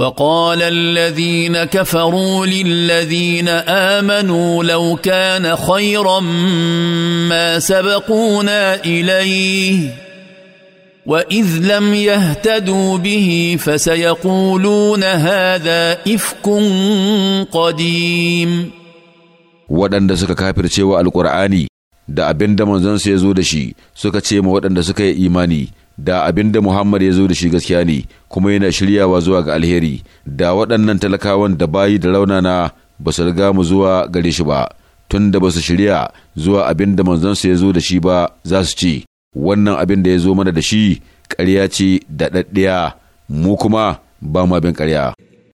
وقال الذين كفروا للذين امنوا لو كان خيرا ما سبقونا اليه واذ لم يهتدوا به فسيقولون هذا افك قديم waɗanda suka kafircewa alƙur'ani da abin da manzansu ya zo da shi suka ce ma waɗanda suka yi imani da abin da Muhammad ya zo da shi gaskiya ne kuma yana shiryawa zuwa ga alheri da waɗannan talakawan da bayi da raunana ba su riga mu zuwa gare shi ba tun da ba su shirya zuwa abin da manzonsu ya zo da shi ba za su ci wannan abin da ya zo mana da shi ƙarya ce da ɗaɗɗiya mu kuma ba mu abin ƙarya.